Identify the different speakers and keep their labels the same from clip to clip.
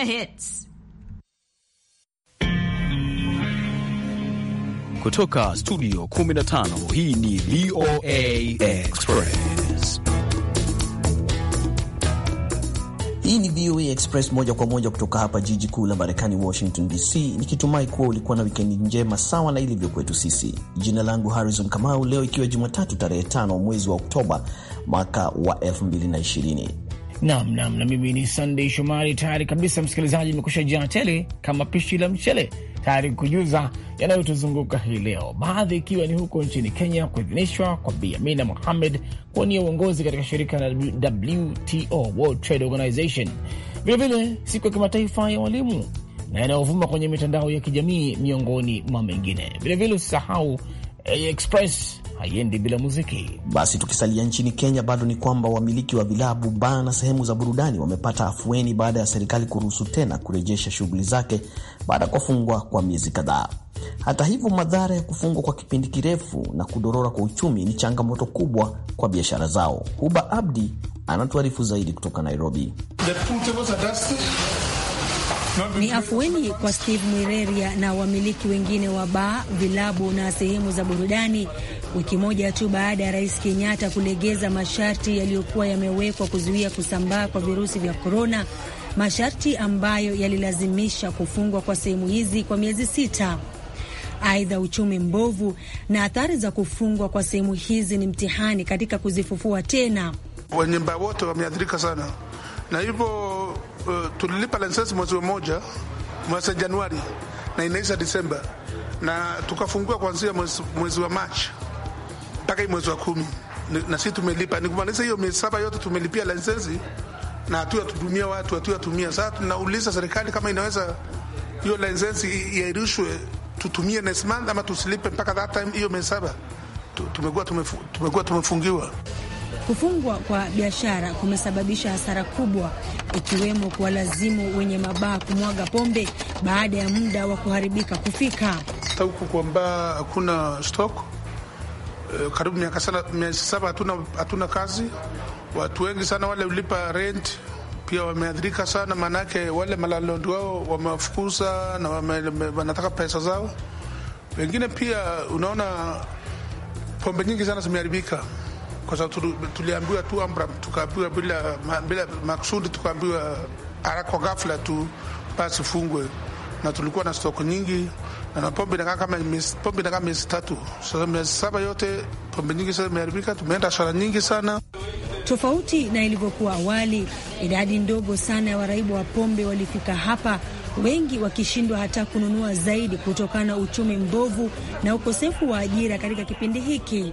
Speaker 1: Hits.
Speaker 2: Kutoka studio 15 hii ni VOA Express. Hii ni VOA Express moja kwa moja kutoka hapa jiji kuu la Marekani, Washington DC, nikitumai kuwa ulikuwa na wikendi njema sawa na ilivyo kwetu sisi. Jina langu Harrison Kamau, leo ikiwa Jumatatu tarehe 5 mwezi wa Oktoba mwaka wa 2020
Speaker 3: Nam nam na mimi ni Sunday Shomari, tayari kabisa msikilizaji, imekusha jaa tele kama pishi la mchele, tayari kujuza yanayotuzunguka hii leo, baadhi ikiwa ni huko nchini Kenya kuidhinishwa kwa Bi Amina Mohamed kuwania uongozi katika shirika la WTO, World Trade Organization, vilevile siku ya kimataifa ya walimu na yanayovuma kwenye mitandao ya kijamii miongoni mwa mengine. Vilevile usisahau Express haiendi bila muziki.
Speaker 2: Basi tukisalia nchini Kenya, bado ni kwamba wamiliki wa vilabu, baa na sehemu za burudani wamepata afueni baada ya serikali kuruhusu tena kurejesha shughuli zake baada ya kufungwa kwa miezi kadhaa. Hata hivyo, madhara ya kufungwa kwa kipindi kirefu na kudorora kwa uchumi ni changamoto kubwa kwa biashara zao. Huba Abdi anatuarifu zaidi kutoka Nairobi.
Speaker 4: The
Speaker 5: ni afueni kwa Steve Mwireria na wamiliki wengine wa baa, vilabu na sehemu za burudani, wiki moja tu baada ya Rais Kenyatta kulegeza masharti yaliyokuwa yamewekwa kuzuia kusambaa kwa virusi vya korona, masharti ambayo yalilazimisha kufungwa kwa sehemu hizi kwa miezi sita. Aidha, uchumi mbovu na athari za kufungwa kwa sehemu hizi ni mtihani katika kuzifufua tena.
Speaker 4: Wenye wote wameathirika sana, na hivyo uh, tulilipa leseni mwezi mmoja mwezi Januari na inaisha Disemba, na tukafungua kuanzia mwezi wa Machi mpaka mwezi wa kumi na sisi tumelipa, nikumaliza hiyo miezi saba yote tumelipia leseni na hatuyatumia watu hatuyatumia. Sasa tunauliza serikali kama inaweza hiyo leseni iairushwe, tutumie next month ama tusilipe mpaka that time. Hiyo miezi saba tumekuwa tumefungiwa.
Speaker 5: Kufungwa kwa biashara kumesababisha hasara kubwa, ikiwemo kuwalazimu wenye mabaa kumwaga pombe baada ya muda wa kuharibika kufika.
Speaker 4: Huku mbaa hakuna stok eh, karibu miaka saba hatuna, hatuna kazi. Watu wengi sana wale ulipa rent pia wameadhirika sana, maanake wale malalondi wao wamewafukuza na wanataka pesa zao. Wengine pia unaona pombe nyingi sana zimeharibika kwa sababu tuliambiwa tu amra, tukaambiwa bila, bila maksudi, tukaambiwa haraka ghafla tu basi fungwe, na tulikuwa na stoko nyingi na pombe inakaa kama pombe inakaa miezi tatu sasa, miezi saba yote pombe nyingi sasa imeharibika. Tumeenda hasara nyingi sana,
Speaker 5: tofauti na ilivyokuwa awali. Idadi ndogo sana ya waraibu wa pombe walifika hapa, wengi wakishindwa hata kununua zaidi kutokana na uchumi mbovu na ukosefu wa ajira katika kipindi hiki.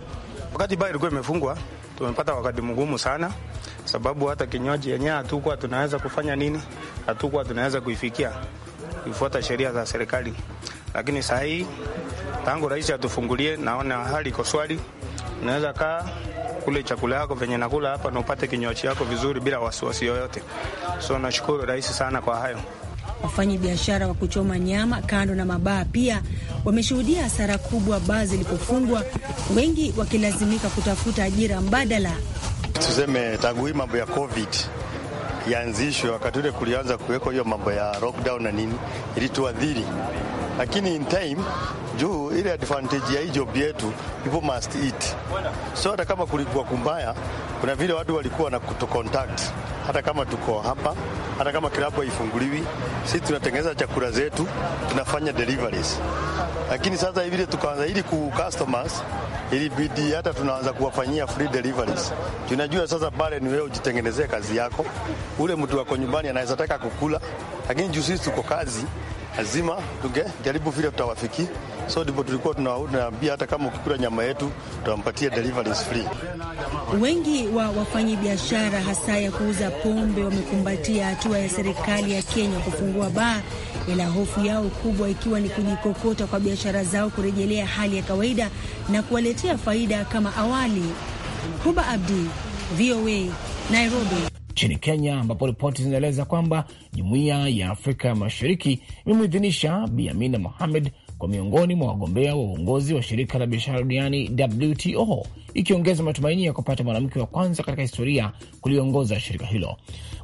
Speaker 6: Wakati baa ilikuwa imefungwa, tumepata wakati mgumu sana, sababu hata kinywaji yenyewe hatukuwa tunaweza kufanya nini, hatukuwa tunaweza kuifikia kuifuata sheria za serikali. Lakini saa hii tangu rais atufungulie, naona hali iko swali. Unaweza kaa kule chakula yako venye nakula hapa na upate kinywaji yako vizuri bila wasiwasi yoyote. So nashukuru rais sana kwa hayo.
Speaker 5: Wafanyi biashara wa kuchoma nyama kando na mabaa pia wameshuhudia hasara kubwa baa zilipofungwa, wengi wakilazimika kutafuta ajira mbadala.
Speaker 7: Tuseme tangu hii mambo ya covid yaanzishwe, wakati ule kulianza kuwekwa hiyo mambo ya lockdown na nini, ilituadhiri, lakini in time juu ile advantage ya hii job yetu ipo must eat, so hata kama kulikuwa kumbaya, kuna vile watu walikuwa na kutucontact hata kama tuko hapa hata kama klabu haifunguliwi, sisi tunatengeneza chakula zetu, tunafanya deliveries. Lakini sasa hivi tukaanza ili ku customers ili hata tunaanza kuwafanyia free deliveries. Tunajua sasa pale ni wewe ujitengenezee kazi yako. Ule mtu wako nyumbani anaweza taka kukula, lakini juu sisi tuko kazi lazima tungejaribu vile tutawafikia So ndipo tulikuwa tunaambia hata kama ukikula nyama yetu tutampatia deliveries free.
Speaker 5: Wengi wa wafanyi biashara hasa ya kuuza pombe wamekumbatia hatua ya serikali ya Kenya kufungua baa, ila hofu yao kubwa ikiwa ni kujikokota kwa biashara zao kurejelea hali ya kawaida na kuwaletea faida kama awali. Huba Abdi, VOA, Nairobi
Speaker 3: nchini Kenya, ambapo ripoti zinaeleza kwamba jumuiya ya Afrika Mashariki imemwidhinisha Bi Amina Mohamed kwa miongoni mwa wagombea wa uongozi wa shirika la biashara duniani WTO, ikiongeza matumaini ya kupata mwanamke wa kwanza katika historia kuliongoza shirika hilo.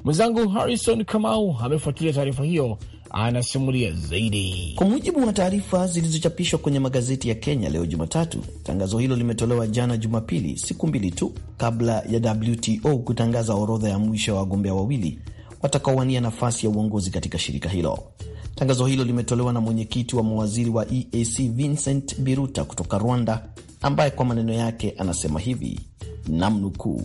Speaker 3: Mwenzangu Harrison Kamau amefuatilia taarifa hiyo, anasimulia zaidi. Kwa mujibu wa taarifa zilizochapishwa kwenye magazeti ya Kenya
Speaker 2: leo Jumatatu, tangazo hilo limetolewa jana Jumapili, siku mbili tu kabla ya WTO kutangaza orodha ya mwisho ya wagombea wawili watakaowania nafasi ya uongozi katika shirika hilo. Tangazo hilo limetolewa na mwenyekiti wa mawaziri wa EAC Vincent Biruta kutoka Rwanda, ambaye kwa maneno yake anasema hivi namnukuu: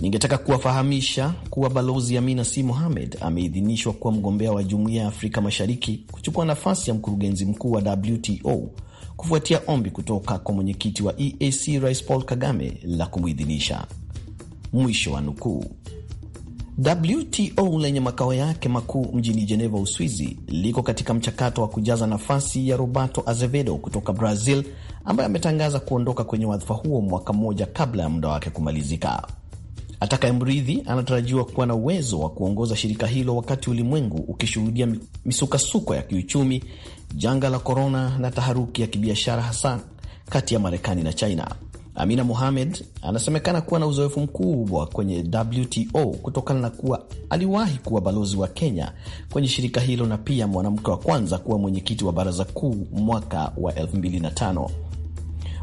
Speaker 2: Ningetaka kuwafahamisha kuwa Balozi Amina C Mohamed ameidhinishwa kuwa mgombea wa Jumuiya ya Afrika Mashariki kuchukua nafasi ya mkurugenzi mkuu wa WTO kufuatia ombi kutoka kwa mwenyekiti wa EAC Rais Paul Kagame la kumwidhinisha. Mwisho wa nukuu. WTO lenye makao yake makuu mjini Geneva, Uswizi, liko katika mchakato wa kujaza nafasi ya Roberto Azevedo kutoka Brazil, ambaye ametangaza kuondoka kwenye wadhifa huo mwaka mmoja kabla ya muda wake kumalizika. Atakayemrithi anatarajiwa kuwa na uwezo wa kuongoza shirika hilo wakati ulimwengu ukishuhudia misukasuko ya kiuchumi, janga la korona na taharuki ya kibiashara, hasa kati ya Marekani na China. Amina Mohamed anasemekana kuwa na uzoefu mkubwa kwenye WTO kutokana na kuwa aliwahi kuwa balozi wa Kenya kwenye shirika hilo na pia mwanamke wa kwanza kuwa mwenyekiti wa baraza kuu mwaka wa 2005.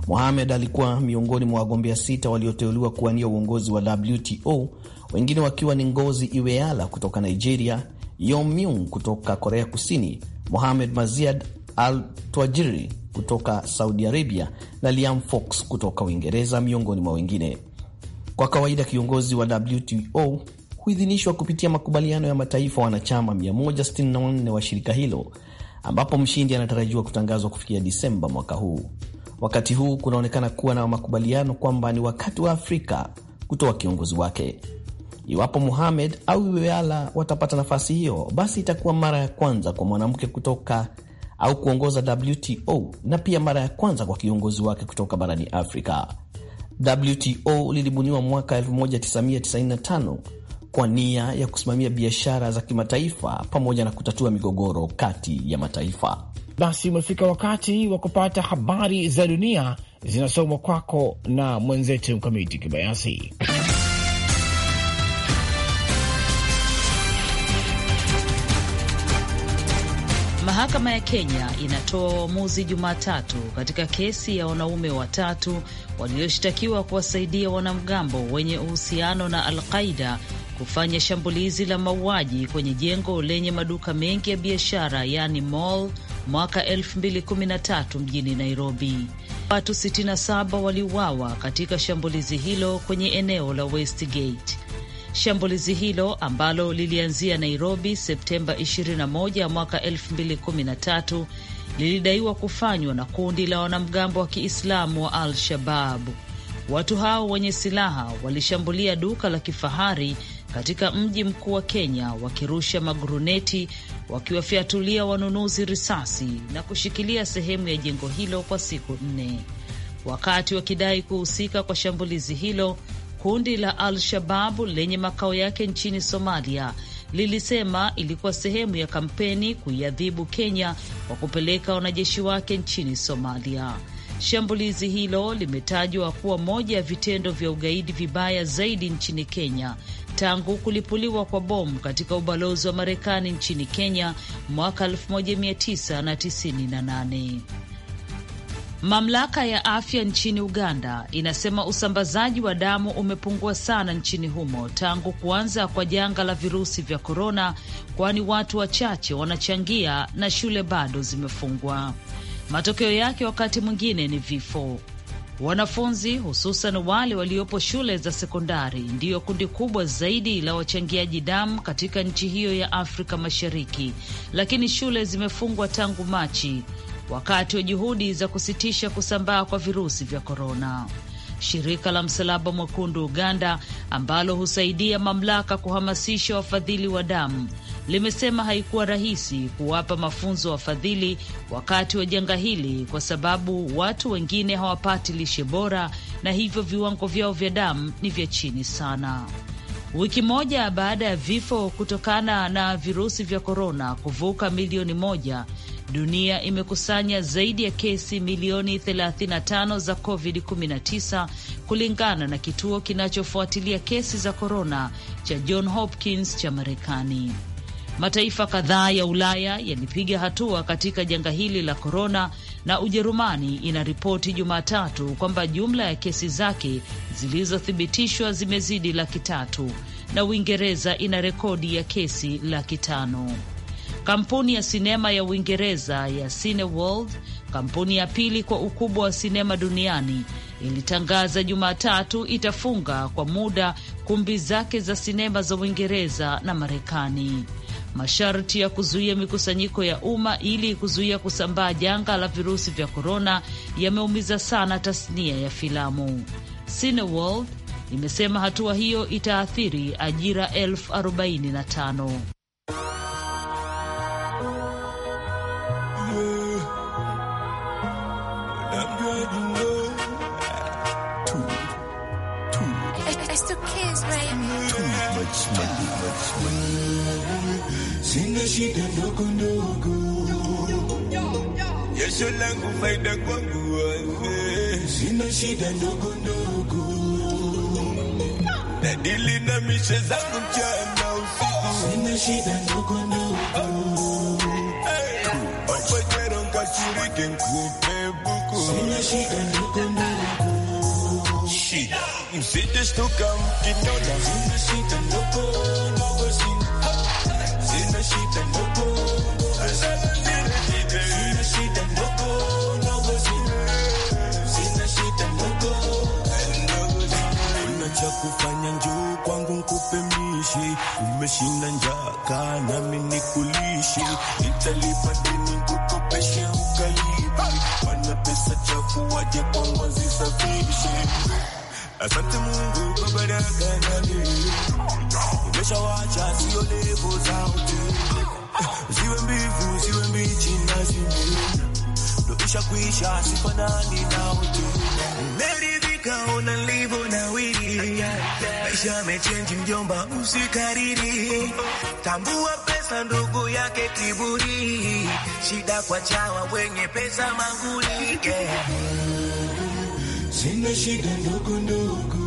Speaker 2: Mohamed alikuwa miongoni mwa wagombea sita walioteuliwa kuwania uongozi wa WTO, wengine wakiwa ni Ngozi Iweala kutoka Nigeria, Yomyung kutoka Korea Kusini, Mohamed Maziad Al Twajiri kutoka Saudi Arabia na Liam Fox kutoka Uingereza, miongoni mwa wengine. Kwa kawaida kiongozi wa WTO huidhinishwa kupitia makubaliano ya mataifa wanachama 164 wa shirika hilo, ambapo mshindi anatarajiwa kutangazwa kufikia Disemba mwaka huu. Wakati huu kunaonekana kuwa na makubaliano kwamba ni wakati wa Afrika kutoa kiongozi wake. Iwapo muhamed au Iweala watapata nafasi hiyo, basi itakuwa mara ya kwanza kwa mwanamke kutoka au kuongoza WTO na pia mara ya kwanza kwa kiongozi wake kutoka barani Afrika. WTO lilibuniwa mwaka 1995 kwa nia ya kusimamia biashara za kimataifa pamoja na kutatua
Speaker 3: migogoro kati ya mataifa. Basi umefika wakati wa kupata habari za dunia zinasomwa kwako na mwenzetu Mkamiti Kibayasi.
Speaker 1: Mahakama ya Kenya inatoa uamuzi Jumatatu katika kesi ya wanaume watatu walioshtakiwa kuwasaidia wanamgambo wenye uhusiano na Alqaida kufanya shambulizi la mauaji kwenye jengo lenye maduka mengi ya biashara yani mall mwaka 2013 mjini Nairobi. Watu 67 waliuawa katika shambulizi hilo kwenye eneo la Westgate. Shambulizi hilo ambalo lilianzia Nairobi Septemba 21 mwaka 2013 lilidaiwa kufanywa na kundi la wanamgambo wa Kiislamu wa al shabab Watu hao wenye silaha walishambulia duka la kifahari katika mji mkuu wa Kenya, wakirusha maguruneti, wakiwafyatulia wanunuzi risasi na kushikilia sehemu ya jengo hilo kwa siku nne, wakati wakidai kuhusika kwa shambulizi hilo. Kundi la Al-Shababu lenye makao yake nchini Somalia lilisema ilikuwa sehemu ya kampeni kuiadhibu Kenya kwa kupeleka wanajeshi wake nchini Somalia. Shambulizi hilo limetajwa kuwa moja ya vitendo vya ugaidi vibaya zaidi nchini Kenya tangu kulipuliwa kwa bomu katika ubalozi wa Marekani nchini Kenya mwaka 1998. Mamlaka ya afya nchini Uganda inasema usambazaji wa damu umepungua sana nchini humo tangu kuanza kwa janga la virusi vya korona, kwani watu wachache wanachangia na shule bado zimefungwa. Matokeo yake wakati mwingine ni vifo. Wanafunzi hususan wale waliopo shule za sekondari ndiyo kundi kubwa zaidi la wachangiaji damu katika nchi hiyo ya Afrika Mashariki, lakini shule zimefungwa tangu Machi wakati wa juhudi za kusitisha kusambaa kwa virusi vya korona. Shirika la Msalaba Mwekundu Uganda, ambalo husaidia mamlaka kuhamasisha wafadhili wa damu, limesema haikuwa rahisi kuwapa mafunzo wafadhili wakati wa janga hili, kwa sababu watu wengine hawapati lishe bora na hivyo viwango vyao vya damu ni vya chini sana. Wiki moja baada ya vifo kutokana na virusi vya korona kuvuka milioni moja, dunia imekusanya zaidi ya kesi milioni 35 za COVID-19 kulingana na kituo kinachofuatilia kesi za korona cha John Hopkins cha Marekani. Mataifa kadhaa ya Ulaya yalipiga hatua katika janga hili la korona, na Ujerumani inaripoti Jumatatu kwamba jumla ya kesi zake zilizothibitishwa zimezidi laki tatu na Uingereza ina rekodi ya kesi laki tano. Kampuni ya sinema ya Uingereza ya Cineworld, kampuni ya pili kwa ukubwa wa sinema duniani, ilitangaza Jumatatu itafunga kwa muda kumbi zake za sinema za Uingereza na Marekani. Masharti ya kuzuia mikusanyiko ya umma ili kuzuia kusambaa janga la virusi vya korona yameumiza sana tasnia ya filamu. Cineworld imesema hatua hiyo itaathiri ajira elfu arobaini na tano.
Speaker 6: ndogo ndogo. Jasho langu faida kwangu wewe, sina shida na mishe zangu mchana usiku, sina shida ndogo ndogo. Opejero nkashiriki nkupe buku, sina shida ndogo ndogo. Msije shtuka mkiniona, sina shida kufanya njoo kwangu nkupe mishi, umeshinda njaa, nami nikulishi, nitalipa deni kukopeshe ukalibi, wana pesa chafu waje kwangu wazisafishe. Asante Mungu baba raga nami umeshawacha, sio levo za hoteli, ziwe mbivu ziwe mbichi na zimeiva, ndo isha kuisha, sifanani na hoteli nikaona nilivyo nawiri, maisha yamechenji mjomba, usikariri. Tambua pesa ndugu yake kiburi, shida kwa chawa wenye pesa manguli, yeah. Sina shida ndogo ndogo,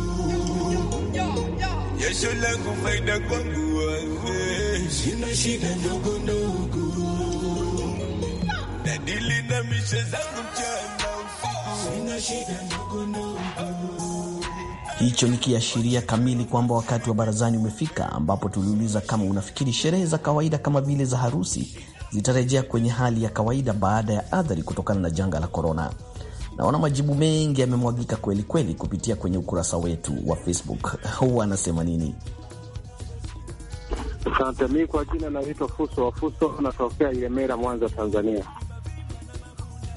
Speaker 6: jasho langu faida kwangu wewe, sina shida ndogo ndogo, dadili na mishe zangu mchana
Speaker 2: Hicho ni kiashiria kamili kwamba wakati wa barazani umefika, ambapo tuliuliza kama unafikiri sherehe za kawaida kama vile za harusi zitarejea kwenye hali ya kawaida baada ya athari kutokana na janga la korona. Naona majibu mengi yamemwagika kweli kweli kupitia kwenye ukurasa wetu wa Facebook. Huwa anasema nini?
Speaker 8: Asante. Mi kwa jina naitwa Fuso Wafuso, natokea Ilemera, Mwanza, Tanzania.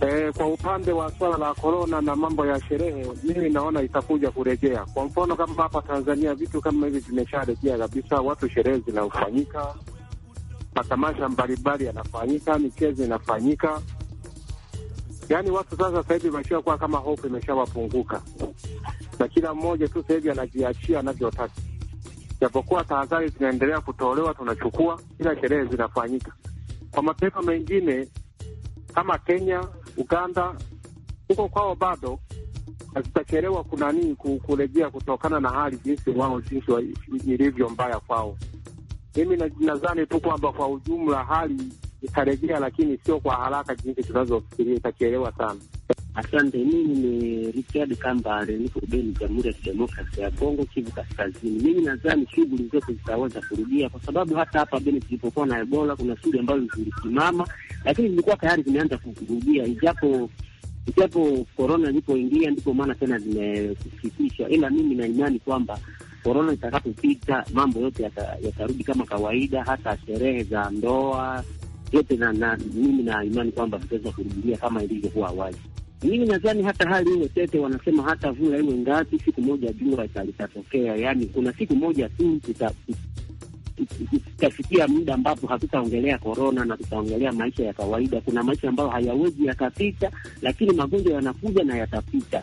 Speaker 8: Eh, kwa upande wa swala la korona na mambo ya sherehe, mimi naona itakuja kurejea. Kwa mfano kama hapa Tanzania vitu kama hivi vimesharejea kabisa, watu sherehe zinafanyika, matamasha mbalimbali yanafanyika, michezo inafanyika, yaani watu sasa sasa hivi wamesha kuwa kama hofu imeshawapunguka, na kila mmoja tu sasa hivi anajiachia anavyotaka, japokuwa tahadhari zinaendelea kutolewa, tunachukua, ila sherehe zinafanyika. Kwa mataifa mengine kama Kenya Uganda huko kwao bado hazitachelewa kunanii kurejea kutokana na hali jinsi wao jinsi wa, ilivyo mbaya kwao. Mimi nadhani tu kwamba kwa ujumla hali
Speaker 9: itarejea, lakini sio kwa haraka jinsi tunazofikiria itachelewa sana. Asante. Mimi ni Richard Kambale, niko Beni, Jamhuri ya Kidemokrasi ya Kongo, Kivu Kaskazini. Mimi nadhani shughuli zote zitaweza kurudia, kwa sababu hata hapa Beni tulipokuwa na Ebola kuna shughuli ambazo zilisimama, lakini zilikuwa tayari zimeanza kurudia, ijapo ijapo korona ilipoingia ndipo maana tena zimesitishwa, ila mimi na imani kwamba korona itakapopita mambo yote yatarudi yata kama kawaida, hata sherehe za ndoa yote na, na, mimi na imani kwamba vitaweza kurudia kama ilivyokuwa awali. Mimi nadhani hata hali ile tete, wanasema hata vula iwe ngapi, siku moja jua litatokea. Yani kuna siku moja tu tutafikia muda ambapo hatutaongelea korona na tutaongelea maisha ya kawaida. Kuna maisha ambayo hayawezi yakapita, lakini magonjwa yanakuja na yatapita.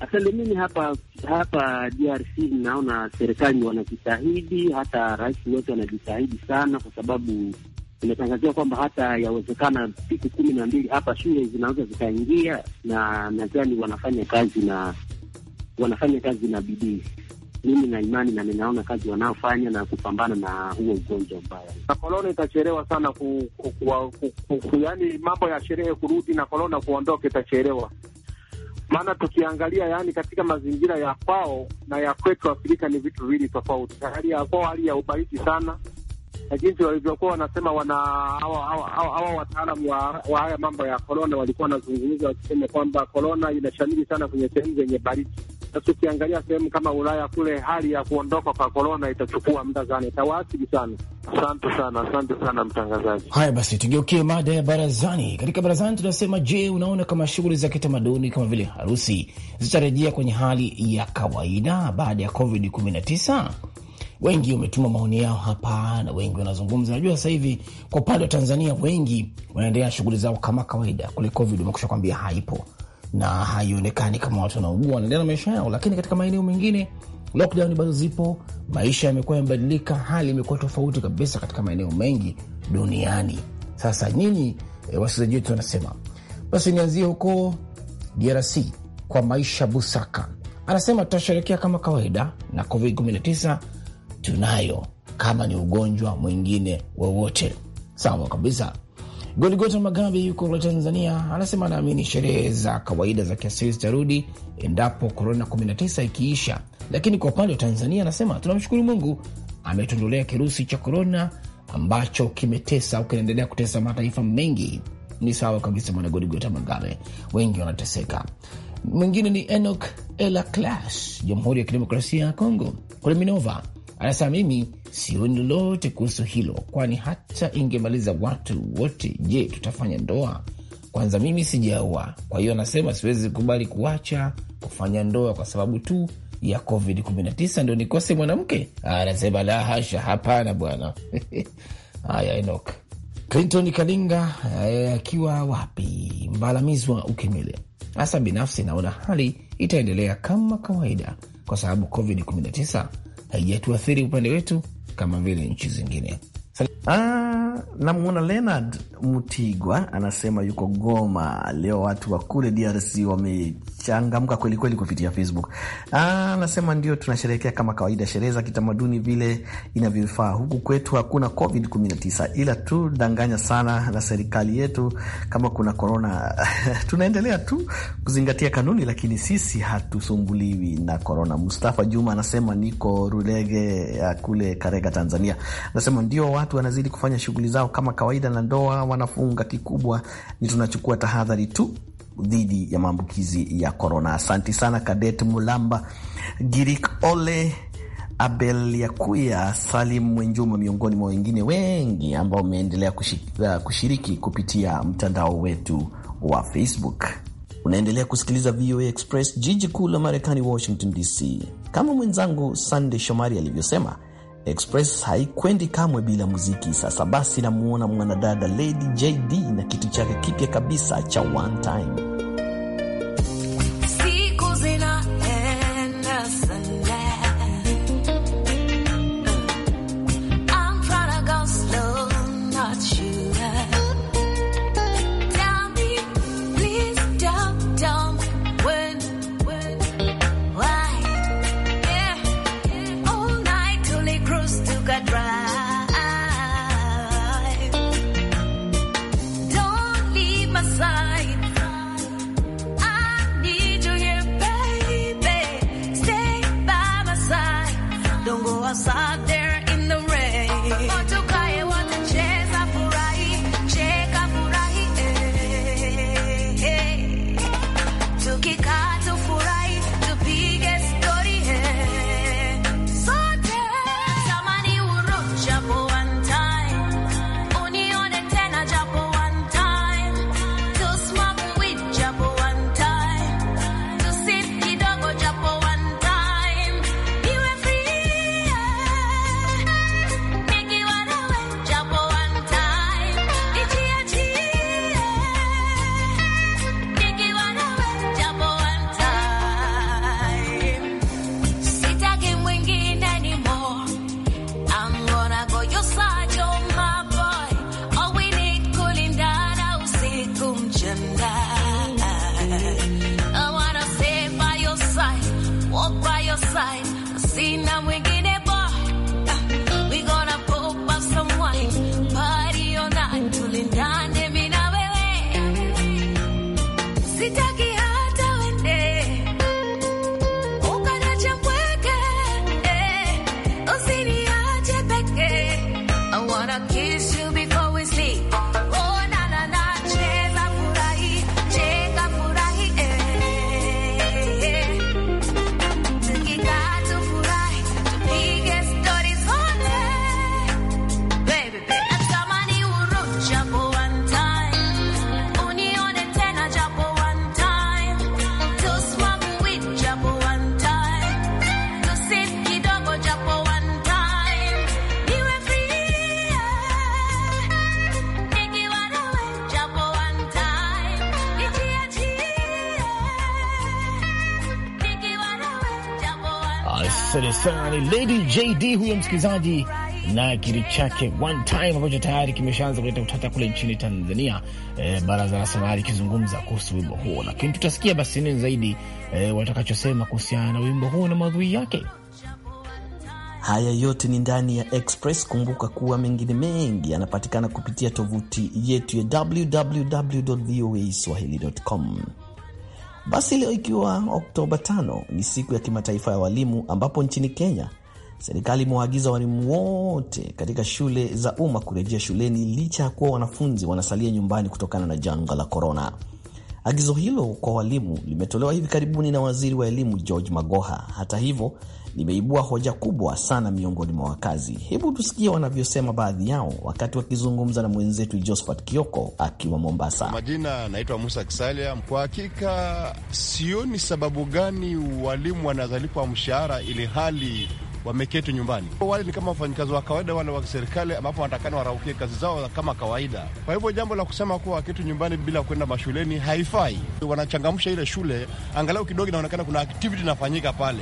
Speaker 9: Asante. Mimi hapa hapa DRC naona serikali wanajitahidi, hata rais wetu anajitahidi sana, kwa sababu imetangazia kwamba hata yawezekana siku kumi na mbili hapa shule zinaweza zikaingia, na nadhani wanafanya kazi na wanafanya kazi na bidii. Mimi na imani na ninaona kazi wanaofanya na kupambana na huo ugonjwa mbaya,
Speaker 8: na korona itachelewa sana ku, ku, ku, ku, ku, ku, yani mambo ya sherehe kurudi na korona kuondoka itachelewa, maana tukiangalia, yani katika mazingira ya kwao na ya kwetu Afrika ni vitu viwili tofauti. Hali ya kwao hali ya ubaridi sana na jinsi walivyokuwa wanasema wana hawa wataalamu wa, wa haya mambo ya korona walikuwa wanazungumza wakisema kwamba korona inashamiri sana kwenye sehemu zenye baridi. Sasa ukiangalia sehemu kama Ulaya kule, hali ya kuondoka kwa korona itachukua muda sana, itawaathiri sana. Asante sana, asante sana mtangazaji.
Speaker 3: Haya basi, tugeukie mada ya barazani. Katika barazani tunasema, je, unaona kama shughuli za kitamaduni kama vile harusi zitarejea kwenye hali ya kawaida baada ya COVID 19? wengi wametuma maoni yao hapa na wengi wanazungumza. Najua sasa hivi kwa upande wa Tanzania wengi wanaendelea shughuli zao kama kawaida, kule COVID umekusha kwambia haipo na haionekani kama watu wanaugua, wanaendelea na maisha yao, lakini katika maeneo mengine lockdown bado zipo. Maisha yamekuwa yamebadilika, hali imekuwa tofauti kabisa katika maeneo mengi duniani. Sasa nyinyi e, wasikilizaji wetu wanasema basi, nianzie huko DRC kwa Maisha Busaka, anasema tutasherekea kama kawaida na COVID 19 tunayo kama ni ugonjwa mwingine wowote. Sawa kabisa. Goligota magabe yuko la Tanzania, anasema anaamini sherehe za kawaida za kiasili zitarudi endapo korona 19 ikiisha, lakini kwa upande wa Tanzania anasema tunamshukuru Mungu ametondolea kirusi cha korona ambacho kimetesa au kinaendelea kutesa mataifa mengi. Ni sawa kabisa, mwana Goligota Magabe, wengi wanateseka. Mwingine ni Enok Ela Clash, Jamhuri ya Kidemokrasia ya Kongo, kule Minova Anasema mimi sioni lolote kuhusu hilo, kwani hata ingemaliza watu wote, je, tutafanya ndoa? Kwanza mimi sijaoa, kwa hiyo anasema siwezi kubali kuacha kufanya ndoa kwa sababu tu ya Covid 19 ndo nikose mwanamke. Anasema la hasha, hapana bwana. Haya, Enok Clinton Kalinga eh, akiwa wapi, mbalamizwa ukimele hasa. Binafsi naona hali itaendelea kama kawaida, kwa sababu Covid 19 haijatuathiri upande wetu kama vile nchi zingine. Ah, namwona Leonard
Speaker 2: Mutigwa anasema yuko Goma leo. Watu wa kule DRC wamechangamka kwelikweli kupitia Facebook. Ah, anasema ndio tunasherehekea kama kawaida, sherehe za kitamaduni vile inavyofaa. Huku kwetu hakuna COVID 19 ila tu danganya sana na serikali yetu kama kuna korona tunaendelea tu kuzingatia kanuni, lakini sisi hatusumbuliwi na korona. Mustafa Juma anasema niko Rulege ya kule Karega, Tanzania, anasema ndio watu watu wanazidi kufanya shughuli zao kama kawaida na ndoa wanafunga. Kikubwa ni tunachukua tahadhari tu dhidi ya maambukizi ya korona. Asanti sana Kadet Mulamba, Girik Ole, Abel Yakuya, Salim Mwenjuma, miongoni mwa wengine wengi ambao umeendelea eh, kushiriki kupitia mtandao wetu wa Facebook. Unaendelea kusikiliza VOA Express, jiji kuu la Marekani, Washington DC. Kama mwenzangu Sandey Shomari alivyosema Express haikwendi kamwe bila muziki. Sasa basi, namuona mwanadada Lady JD na kitu chake kipya kabisa cha one time
Speaker 3: sana ni Lady JD huyo msikilizaji, na kiri chake one time ambacho tayari kimeshaanza kuleta utata kule nchini Tanzania. E, baraza la sanaa likizungumza kuhusu wimbo huo, lakini tutasikia basi nini zaidi e, watakachosema kuhusiana na wimbo huo na maudhui yake.
Speaker 2: Haya yote ni ndani ya Express. Kumbuka kuwa mengine mengi yanapatikana kupitia tovuti yetu ya www voa swahili.com. Basi leo ikiwa Oktoba tano ni siku ya kimataifa ya walimu, ambapo nchini Kenya serikali imewaagiza walimu wote katika shule za umma kurejea shuleni licha ya kuwa wanafunzi wanasalia nyumbani kutokana na janga la korona. Agizo hilo kwa walimu limetolewa hivi karibuni na waziri wa elimu George Magoha. Hata hivyo, limeibua hoja kubwa sana miongoni mwa wakazi. Hebu tusikie wanavyosema baadhi yao wakati wakizungumza na mwenzetu Josephat Kioko akiwa Mombasa.
Speaker 7: Majina anaitwa Musa Kisalia. Kwa hakika sioni sababu gani walimu wanazalipwa mshahara ili hali wameketi nyumbani. Wale ni kama wafanyikazi wa kawaida wale wa serikali, ambapo wanatakana waraukie kazi zao kama kawaida. Kwa hivyo jambo la kusema kuwa waketi nyumbani bila kwenda mashuleni haifai. Wanachangamsha ile shule angalau kidogo, inaonekana kuna aktiviti inafanyika pale.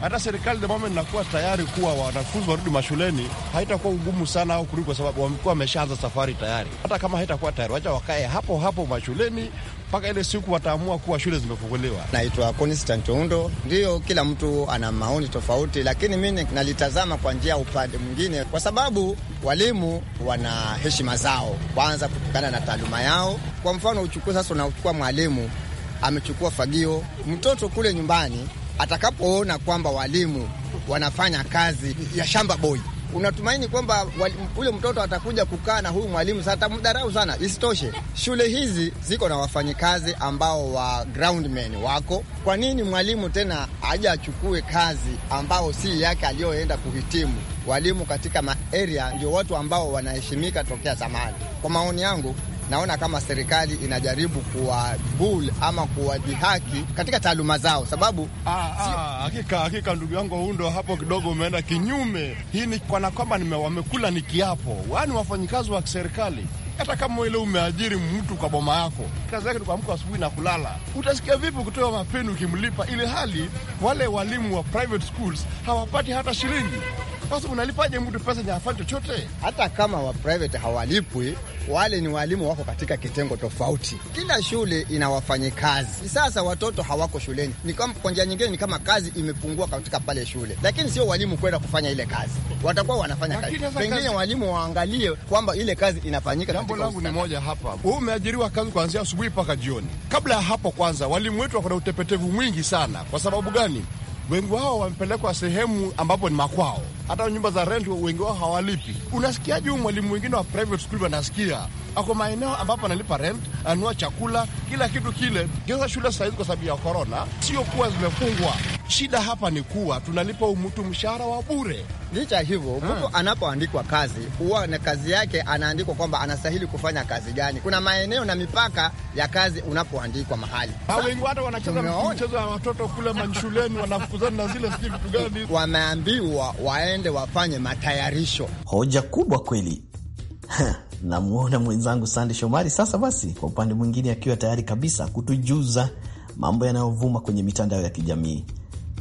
Speaker 7: Hata serikali the moment inakuwa tayari kuwa wanafunzi warudi mashuleni, haitakuwa ugumu sana au kurudi, kwa sababu wamekuwa wameshaanza safari tayari. Hata kama
Speaker 10: haitakuwa tayari, wacha wakae hapo hapo mashuleni, mpaka ile siku wataamua kuwa shule zimefunguliwa. Naitwa Constant Undo. Ndiyo, kila mtu ana maoni tofauti, lakini mi nalitazama kwa njia ya upande mwingine, kwa sababu walimu wana heshima zao, kwanza kutokana na taaluma yao. Kwa mfano uchukue sasa, unachukua mwalimu amechukua fagio, mtoto kule nyumbani atakapoona kwamba walimu wanafanya kazi ya shamba boy unatumaini kwamba ule mtoto atakuja kukaa na huyu mwalimu sasa sana. Isitoshe, shule hizi ziko na wafanyikazi ambao wa groundmen wako. Kwa nini mwalimu tena aja achukue kazi ambao si yake aliyoenda kuhitimu? Walimu katika maeria ndio watu ambao wanaheshimika tokea zamani, kwa maoni yangu naona kama serikali inajaribu kuwabul ama kuwadhihaki katika taaluma zao, sababu ah, ah, ah hakika hakika, ndugu yangu Undo, hapo kidogo umeenda kinyume.
Speaker 7: Hii ni kana kwamba wamekula ni kiapo, yaani wafanyikazi wa serikali hata kama ile umeajiri mtu kwa boma yako, kazi yake tukaamka asubuhi na kulala, utasikia vipi kutoa mapeni ukimlipa, ili hali wale walimu wa private schools hawapati hata shilingi. Sasa unalipaje mtu pesa afanye chochote?
Speaker 10: Hata kama wa private hawalipwi, wale ni walimu, wako katika kitengo tofauti. Kila shule ina wafanyikazi. Sasa watoto hawako shuleni, ni kama kwa njia nyingine, ni kama kazi imepungua katika pale shule, lakini sio walimu kwenda kufanya ile kazi, watakuwa wanafanya kazi. Pengine walimu waangalie kwamba ile kazi inafanyika. Jambo langu ni
Speaker 7: moja hapa, wewe umeajiriwa kazi kuanzia asubuhi mpaka jioni. Kabla ya hapo, kwanza walimu wetu wako na utepetevu mwingi sana. Kwa sababu gani? wengi wao wamepelekwa sehemu ambapo ni makwao, hata nyumba za rent wengi wao hawalipi. Unasikia juu mwalimu wengine wa private school wanasikia ako maeneo ambapo analipa rent, anua chakula, kila kitu kile. Geza shule sahizi kwa sababu ya korona,
Speaker 10: sio kuwa zimefungwa. Shida hapa ni kuwa tunalipa umutu mshahara wa bure. Licha hivyo ah. mtu anapoandikwa kazi huwa na kazi yake anaandikwa kwamba anastahili kufanya kazi gani. Kuna maeneo na mipaka ya kazi unapoandikwa mahali. Ah, wengi hata wanacheza mchezo wa watoto kule mashuleni wanafukuzana na zile sijui vitu gani, wameambiwa waende wafanye matayarisho.
Speaker 2: Hoja kubwa kweli. Namwona mwenzangu Sande Shomari sasa basi, kwa upande mwingine, akiwa tayari kabisa kutujuza mambo yanayovuma kwenye mitandao ya kijamii.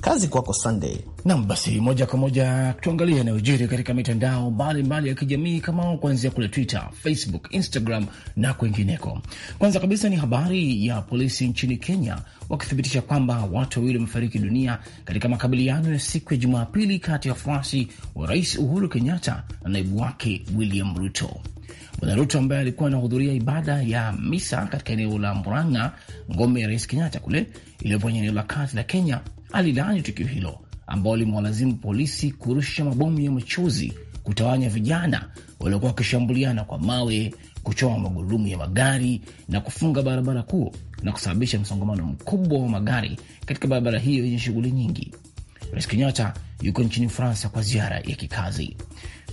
Speaker 2: Kazi kwako Sunday.
Speaker 3: Nam, basi moja kwa moja tuangalie yanayojiri katika mitandao mbalimbali ya kijamii kama kuanzia kule Twitter, Facebook, Instagram na kwingineko. Kwanza kabisa ni habari ya polisi nchini Kenya wakithibitisha kwamba watu wawili wamefariki dunia katika makabiliano ya siku ya Jumapili kati ya wafuasi wa Rais Uhuru Kenyatta na naibu wake William Ruto. Bwana Ruto ambaye alikuwa anahudhuria ibada ya misa katika eneo la Murang'a, ngome ya Rais Kenyatta kule iliyopo eneo la kati la Kenya, alilaani tukio hilo ambao limewalazimu polisi kurusha mabomu ya machozi kutawanya vijana waliokuwa wakishambuliana kwa mawe, kuchoma magurudumu ya magari na kufunga barabara kuu na kusababisha msongamano mkubwa wa magari katika barabara hiyo yenye shughuli nyingi. Rais Kenyatta yuko nchini Ufaransa kwa ziara ya kikazi.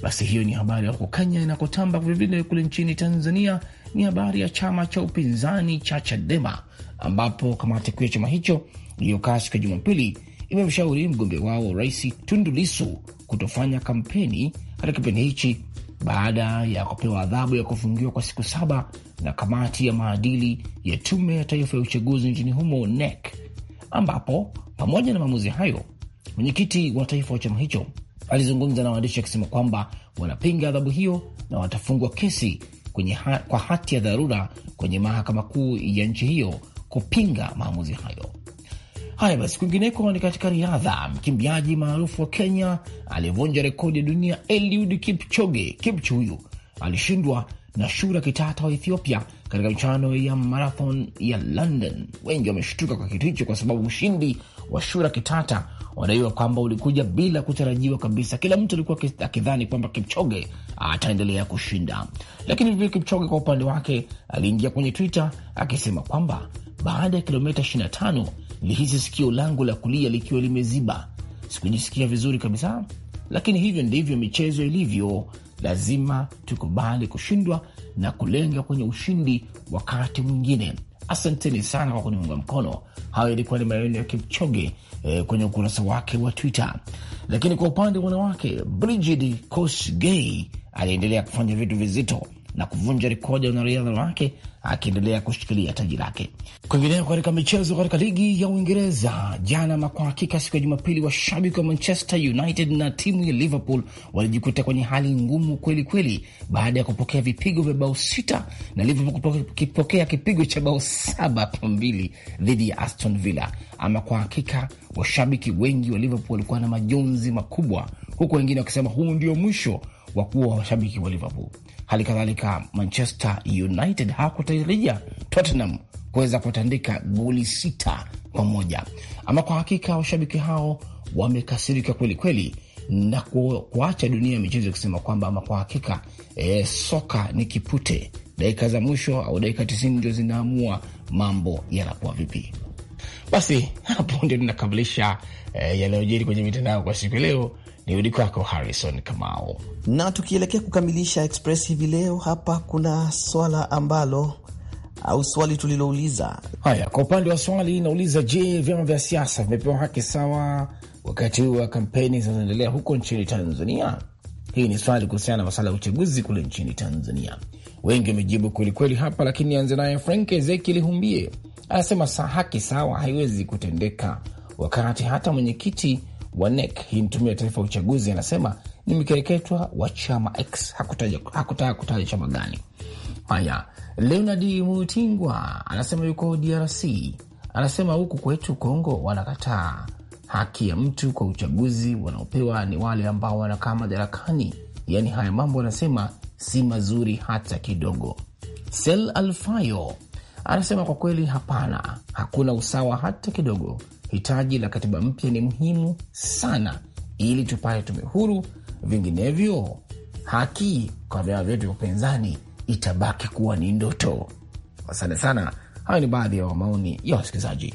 Speaker 3: Basi hiyo ni habari ya huko Kenya inakotamba. Vilevile kule nchini Tanzania ni habari ya chama cha upinzani cha Chadema, ambapo kamati kuu ya chama hicho uliokaa siku ya Jumapili imemshauri mgombea wao rais Tundu Lisu kutofanya kampeni katika kipindi hichi baada ya kupewa adhabu ya kufungiwa kwa siku saba na kamati ya maadili ya Tume ya Taifa ya Uchaguzi nchini humo NEC, ambapo pamoja na maamuzi hayo, mwenyekiti wa taifa wa chama hicho alizungumza na waandishi akisema kwamba wanapinga adhabu hiyo na watafungua kesi kwenye ha kwa hati ya dharura kwenye mahakama kuu ya nchi hiyo kupinga maamuzi hayo. Haya basi, kwingineko ni katika riadha. Mkimbiaji maarufu wa Kenya aliyevunja rekodi ya dunia Eliud Kipchoge, Kipchu huyu alishindwa na Shura Kitata wa Ethiopia katika michano ya marathon ya London. Wengi wameshtuka kwa kitu hicho, kwa sababu mshindi wa Shura Kitata wanadaiwa kwamba ulikuja bila kutarajiwa kabisa. Kila mtu alikuwa akidhani kwamba Kipchoge ataendelea kushinda, lakini vivile Kipchoge kwa upande wake aliingia kwenye Twitter akisema kwamba baada ya kilomita 25 nilihisi sikio langu la kulia likiwa limeziba, sikujisikia vizuri kabisa, lakini hivyo ndivyo michezo ilivyo. Lazima tukubali kushindwa na kulenga kwenye ushindi wakati mwingine. Asanteni sana kwa kuniunga mkono. Hayo ilikuwa ni maneno ya Kipchoge eh, kwenye ukurasa wake wa Twitter. Lakini kwa upande wa wanawake, Brigid Kosgei aliendelea kufanya vitu vizito na kuvunja rekodi ya wanariadha wake akiendelea kushikilia taji lake. Kwingineko katika michezo, katika ligi ya Uingereza jana kwa hakika, siku ya Jumapili, washabiki wa Manchester United na timu ya Liverpool walijikuta kwenye hali ngumu kweli kweli, baada ya kupokea vipigo vya bao sita na Liverpool kipigo cha bao saba kwa mbili dhidi ya Aston Villa. Ama kwa hakika, washabiki wengi wa Liverpool walikuwa na majonzi makubwa, huku wengine wakisema huu ndio mwisho wa kuwa washabiki wa Liverpool. Hali kadhalika Manchester United hawakutarajia Tottenham kuweza kutandika goli sita kwa moja. Ama kwa hakika washabiki hao wamekasirika kweli kweli na kuacha dunia ya michezo ikisema kwamba ama kwa hakika e, soka ni kipute, dakika za mwisho au dakika tisini ndio zinaamua mambo yanakuwa vipi. Basi hapo ndio tunakamilisha e, yaliyojiri kwenye mitandao kwa siku leo. Nirudi kwako Harrison Kamau.
Speaker 2: Na tukielekea kukamilisha Express hivi leo, hapa kuna swala
Speaker 3: ambalo au swali tulilouliza. Haya, kwa upande wa swali inauliza, je, vyama vya siasa vimepewa haki sawa wakati huu wa kampeni zinazoendelea huko nchini Tanzania? Hii ni swali kuhusiana na masala ya uchaguzi kule nchini Tanzania. Wengi wamejibu kwelikweli hapa, lakini nianze naye Frank Ezekiel Humbie anasema sa haki sawa haiwezi kutendeka wakati hata mwenyekiti wa NEC, hii tume ya taifa ya uchaguzi, anasema mkereketwa wa chama X. Hakutaka kutaja chama gani. Haya, Leonard Mutingwa anasema yuko DRC, anasema huku kwetu Kongo wanakataa haki ya mtu kwa uchaguzi, wanaopewa ni wale ambao wanakaa madarakani. Yaani haya mambo anasema si mazuri hata kidogo. Sel Alfayo anasema kwa kweli, hapana, hakuna usawa hata kidogo hitaji la katiba mpya ni muhimu sana, ili tupate tume huru. Vinginevyo, haki kwa vyama vyetu vya upinzani itabaki kuwa ni ndoto. Asante sana. Hayo ni baadhi ya maoni ya wasikilizaji.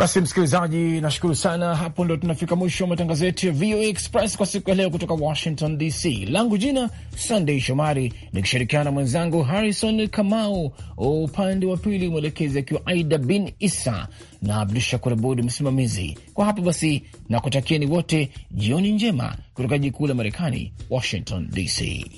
Speaker 3: Basi msikilizaji, nashukuru sana. Hapo ndo tunafika mwisho wa matangazo yetu ya VOA Express kwa siku ya leo, kutoka Washington DC. Langu jina Sandey Shomari, nikishirikiana na mwenzangu Harrison Kamau, upande wa pili mwelekezi akiwa Aida bin Isa na Abdu Shakur Abud msimamizi. Kwa hapo basi, nakutakieni wote jioni njema kutoka jikuu la Marekani, Washington DC.